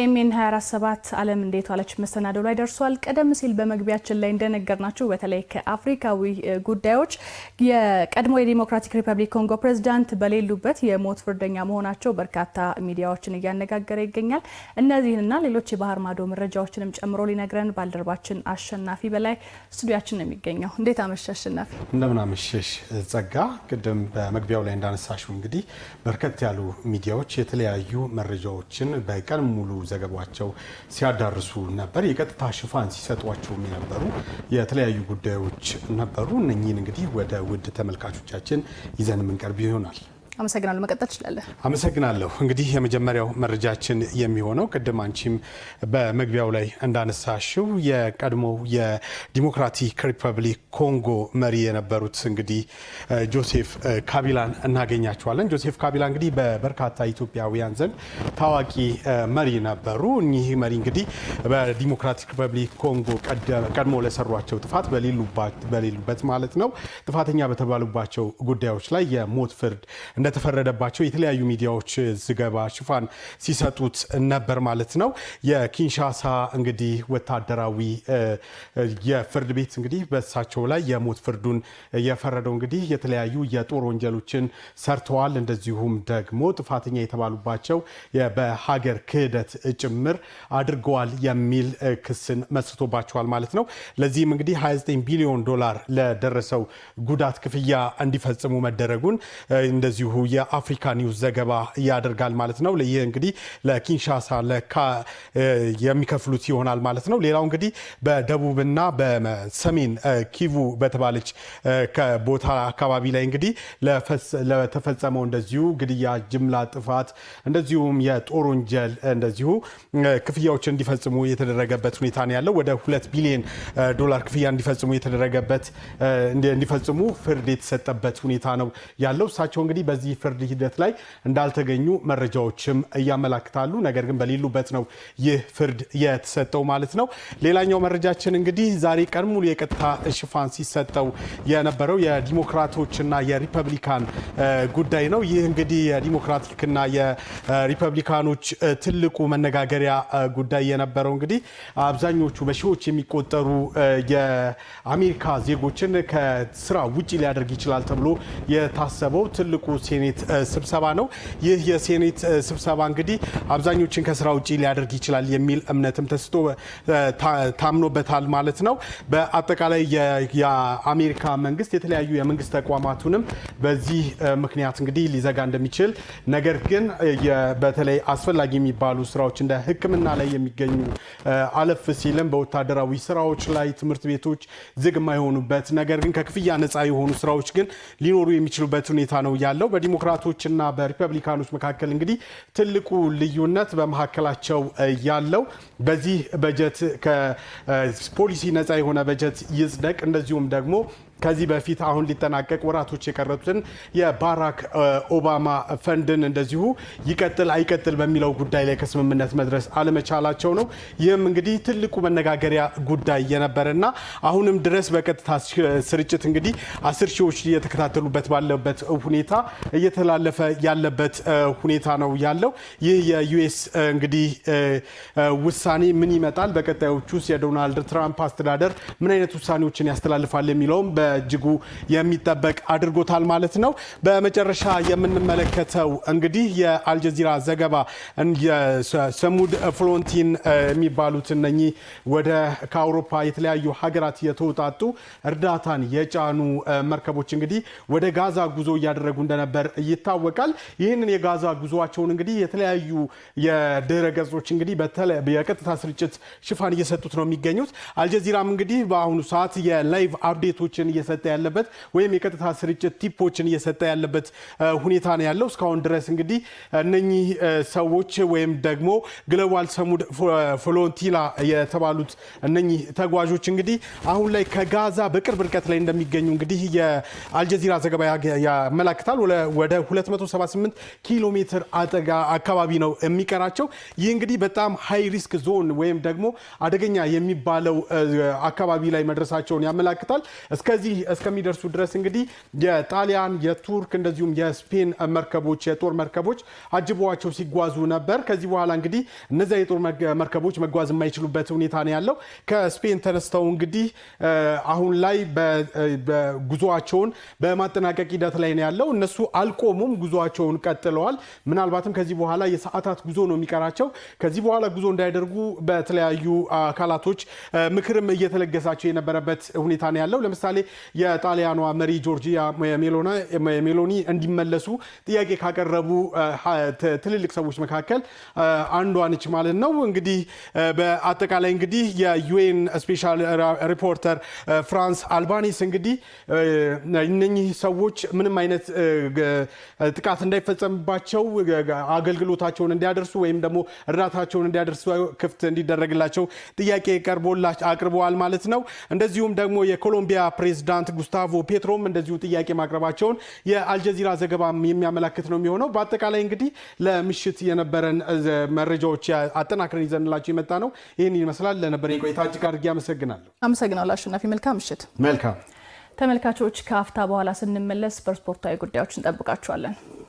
ኤሚን 247 ዓለም እንዴት ዋለች መሰናዶ ላይ ደርሷል። ቀደም ሲል በመግቢያችን ላይ እንደነገርናችሁ በተለይ ከአፍሪካዊ ጉዳዮች የቀድሞ የዲሞክራቲክ ሪፐብሊክ ኮንጎ ፕሬዚዳንት በሌሉበት የሞት ፍርደኛ መሆናቸው በርካታ ሚዲያዎችን እያነጋገረ ይገኛል። እነዚህንና ሌሎች የባህር ማዶ መረጃዎችንም ጨምሮ ሊነግረን ባልደረባችን አሸናፊ በላይ ስቱዲያችን ነው የሚገኘው። እንዴት አመሽ አሸናፊ? እንደምን አመሸሽ ጸጋ። ቅድም በመግቢያው ላይ እንዳነሳሽው እንግዲህ በርከት ያሉ ሚዲያዎች የተለያዩ መረጃዎችን በቀን ሙሉ ዘገባቸው ሲያዳርሱ ነበር። የቀጥታ ሽፋን ሲሰጧቸው የነበሩ የተለያዩ ጉዳዮች ነበሩ። እነኚህን እንግዲህ ወደ ውድ ተመልካቾቻችን ይዘን የምንቀርብ ይሆናል። አመሰግናለሁ። መቀጠል ትችላለህ። አመሰግናለሁ። እንግዲህ የመጀመሪያው መረጃችን የሚሆነው ቅድም አንቺም በመግቢያው ላይ እንዳነሳሽው የቀድሞ የዲሞክራቲክ ሪፐብሊክ ኮንጎ መሪ የነበሩት እንግዲህ ጆሴፍ ካቢላን እናገኛቸዋለን። ጆሴፍ ካቢላ እንግዲህ በበርካታ ኢትዮጵያውያን ዘንድ ታዋቂ መሪ ነበሩ። እኚህ መሪ እንግዲህ በዲሞክራቲክ ሪፐብሊክ ኮንጎ ቀድሞ ለሰሯቸው ጥፋት በሌሉበት ማለት ነው ጥፋተኛ በተባሉባቸው ጉዳዮች ላይ የሞት ፍርድ እንደ እንደተፈረደባቸው የተለያዩ ሚዲያዎች ዘገባ ሽፋን ሲሰጡት ነበር ማለት ነው። የኪንሻሳ እንግዲህ ወታደራዊ የፍርድ ቤት እንግዲህ በእሳቸው ላይ የሞት ፍርዱን የፈረደው እንግዲህ የተለያዩ የጦር ወንጀሎችን ሰርተዋል፣ እንደዚሁም ደግሞ ጥፋተኛ የተባሉባቸው በሀገር ክህደት ጭምር አድርገዋል የሚል ክስን መስርቶባቸዋል ማለት ነው። ለዚህም እንግዲህ 29 ቢሊዮን ዶላር ለደረሰው ጉዳት ክፍያ እንዲፈጽሙ መደረጉን እንደዚሁ እንዲሁ የአፍሪካ ኒውስ ዘገባ ያደርጋል ማለት ነው። ይህ እንግዲህ ለኪንሻሳ ለካ የሚከፍሉት ይሆናል ማለት ነው። ሌላው እንግዲህ በደቡብና በሰሜን ኪቩ በተባለች ቦታ አካባቢ ላይ እንግዲህ ለተፈጸመው እንደዚሁ ግድያ፣ ጅምላ ጥፋት እንደዚሁም የጦር ወንጀል እንደዚሁ ክፍያዎች እንዲፈጽሙ የተደረገበት ሁኔታ ነው ያለው። ወደ ሁለት ቢሊዮን ዶላር ክፍያ እንዲፈጽሙ የተደረገበት እንዲፈጽሙ ፍርድ የተሰጠበት ሁኔታ ነው ያለው። እሳቸው እንግዲህ በዚህ ፍርድ ሂደት ላይ እንዳልተገኙ መረጃዎችም እያመላክታሉ። ነገር ግን በሌሉበት ነው ይህ ፍርድ የተሰጠው ማለት ነው። ሌላኛው መረጃችን እንግዲህ ዛሬ ቀን ሙሉ የቀጥታ ሽፋን ሲሰጠው የነበረው የዲሞክራቶችና የሪፐብሊካን ጉዳይ ነው። ይህ እንግዲህ የዲሞክራቲክና የሪፐብሊካኖች ትልቁ መነጋገሪያ ጉዳይ የነበረው እንግዲህ አብዛኞቹ በሺዎች የሚቆጠሩ የአሜሪካ ዜጎችን ከስራ ውጭ ሊያደርግ ይችላል ተብሎ የታሰበው ትልቁ የሴኔት ስብሰባ ነው። ይህ የሴኔት ስብሰባ እንግዲህ አብዛኞችን ከስራ ውጭ ሊያደርግ ይችላል የሚል እምነትም ተስቶ ታምኖበታል ማለት ነው። በአጠቃላይ የአሜሪካ መንግስት የተለያዩ የመንግስት ተቋማቱንም በዚህ ምክንያት እንግዲህ ሊዘጋ እንደሚችል ነገር ግን በተለይ አስፈላጊ የሚባሉ ስራዎች እንደ ሕክምና ላይ የሚገኙ አለፍ ሲልም በወታደራዊ ስራዎች ላይ ትምህርት ቤቶች ዝግ የማይሆኑበት ነገር ግን ከክፍያ ነፃ የሆኑ ስራዎች ግን ሊኖሩ የሚችሉበት ሁኔታ ነው ያለው። በዲሞክራቶችና በሪፐብሊካኖች መካከል እንግዲህ ትልቁ ልዩነት በመካከላቸው ያለው በዚህ በጀት ከፖሊሲ ነፃ የሆነ በጀት ይጽደቅ እንደዚሁም ደግሞ ከዚህ በፊት አሁን ሊጠናቀቅ ወራቶች የቀረቱትን የባራክ ኦባማ ፈንድን እንደዚሁ ይቀጥል አይቀጥል በሚለው ጉዳይ ላይ ከስምምነት መድረስ አለመቻላቸው ነው። ይህም እንግዲህ ትልቁ መነጋገሪያ ጉዳይ የነበረና አሁንም ድረስ በቀጥታ ስርጭት እንግዲህ አስር ሺዎች እየተከታተሉበት ባለበት ሁኔታ እየተላለፈ ያለበት ሁኔታ ነው ያለው። ይህ የዩኤስ እንግዲህ ውሳኔ ምን ይመጣል፣ በቀጣዮች ውስጥ የዶናልድ ትራምፕ አስተዳደር ምን አይነት ውሳኔዎችን ያስተላልፋል የሚለውም በእጅጉ የሚጠበቅ አድርጎታል ማለት ነው። በመጨረሻ የምንመለከተው እንግዲህ የአልጀዚራ ዘገባ ሰሙድ ፍሎንቲን የሚባሉት እነኚህ ወደ ከአውሮፓ የተለያዩ ሀገራት የተውጣጡ እርዳታን የጫኑ መርከቦች እንግዲህ ወደ ጋዛ ጉዞ እያደረጉ እንደነበር ይታወቃል። ይህንን የጋዛ ጉዞቸውን እንግዲህ የተለያዩ የድረ ገጾች እንግዲህ የቀጥታ ስርጭት ሽፋን እየሰጡት ነው የሚገኙት። አልጀዚራም እንግዲህ በአሁኑ ሰዓት የላይቭ አፕዴቶችን እየሰጠ ያለበት ወይም የቀጥታ ስርጭት ቲፖችን እየሰጠ ያለበት ሁኔታ ነው ያለው። እስካሁን ድረስ እንግዲህ እነኚህ ሰዎች ወይም ደግሞ ግሎባል ሰሙድ ፍሎንቲላ የተባሉት እነኚህ ተጓዦች እንግዲህ አሁን ላይ ከጋዛ በቅርብ ርቀት ላይ እንደሚገኙ እንግዲህ የአልጀዚራ ዘገባ ያመላክታል። ወደ 278 ኪሎ ሜትር አጠጋ አካባቢ ነው የሚቀራቸው። ይህ እንግዲህ በጣም ሃይ ሪስክ ዞን ወይም ደግሞ አደገኛ የሚባለው አካባቢ ላይ መድረሳቸውን ያመላክታል። እስከ እስከዚህ እስከሚደርሱ ድረስ እንግዲህ የጣሊያን የቱርክ እንደዚሁም የስፔን መርከቦች የጦር መርከቦች አጅበዋቸው ሲጓዙ ነበር። ከዚህ በኋላ እንግዲህ እነዚያ የጦር መርከቦች መጓዝ የማይችሉበት ሁኔታ ነው ያለው። ከስፔን ተነስተው እንግዲህ አሁን ላይ ጉዞቸውን በማጠናቀቅ ሂደት ላይ ነው ያለው። እነሱ አልቆሙም፣ ጉዞቸውን ቀጥለዋል። ምናልባትም ከዚህ በኋላ የሰዓታት ጉዞ ነው የሚቀራቸው። ከዚህ በኋላ ጉዞ እንዳያደርጉ በተለያዩ አካላቶች ምክርም እየተለገሳቸው የነበረበት ሁኔታ ነው ያለው። ለምሳሌ የጣሊያኗ መሪ ጆርጂያ ሜሎኒ እንዲመለሱ ጥያቄ ካቀረቡ ትልልቅ ሰዎች መካከል አንዷ ነች ማለት ነው። እንግዲህ በአጠቃላይ እንግዲህ የዩኤን ስፔሻል ሪፖርተር ፍራንስ አልባኒስ እንግዲህ እነኚህ ሰዎች ምንም አይነት ጥቃት እንዳይፈጸምባቸው አገልግሎታቸውን እንዲያደርሱ ወይም ደግሞ እርዳታቸውን እንዲያደርሱ ክፍት እንዲደረግላቸው ጥያቄ ቀርቦላ አቅርበዋል ማለት ነው። እንደዚሁም ደግሞ የኮሎምቢያ ፕሬዚዳንት ፕሬዚዳንት ጉስታቮ ፔትሮም እንደዚሁ ጥያቄ ማቅረባቸውን የአልጀዚራ ዘገባ የሚያመላክት ነው የሚሆነው። በአጠቃላይ እንግዲህ ለምሽት የነበረን መረጃዎች አጠናክረን ይዘንላቸው የመጣ ነው ይህን ይመስላል። ለነበረ ቆይታ እጅግ አድርጌ አመሰግናለሁ። አመሰግናለሁ አሸናፊ። መልካም ምሽት። መልካም ተመልካቾች፣ ከአፍታ በኋላ ስንመለስ በስፖርታዊ ጉዳዮች እንጠብቃችኋለን።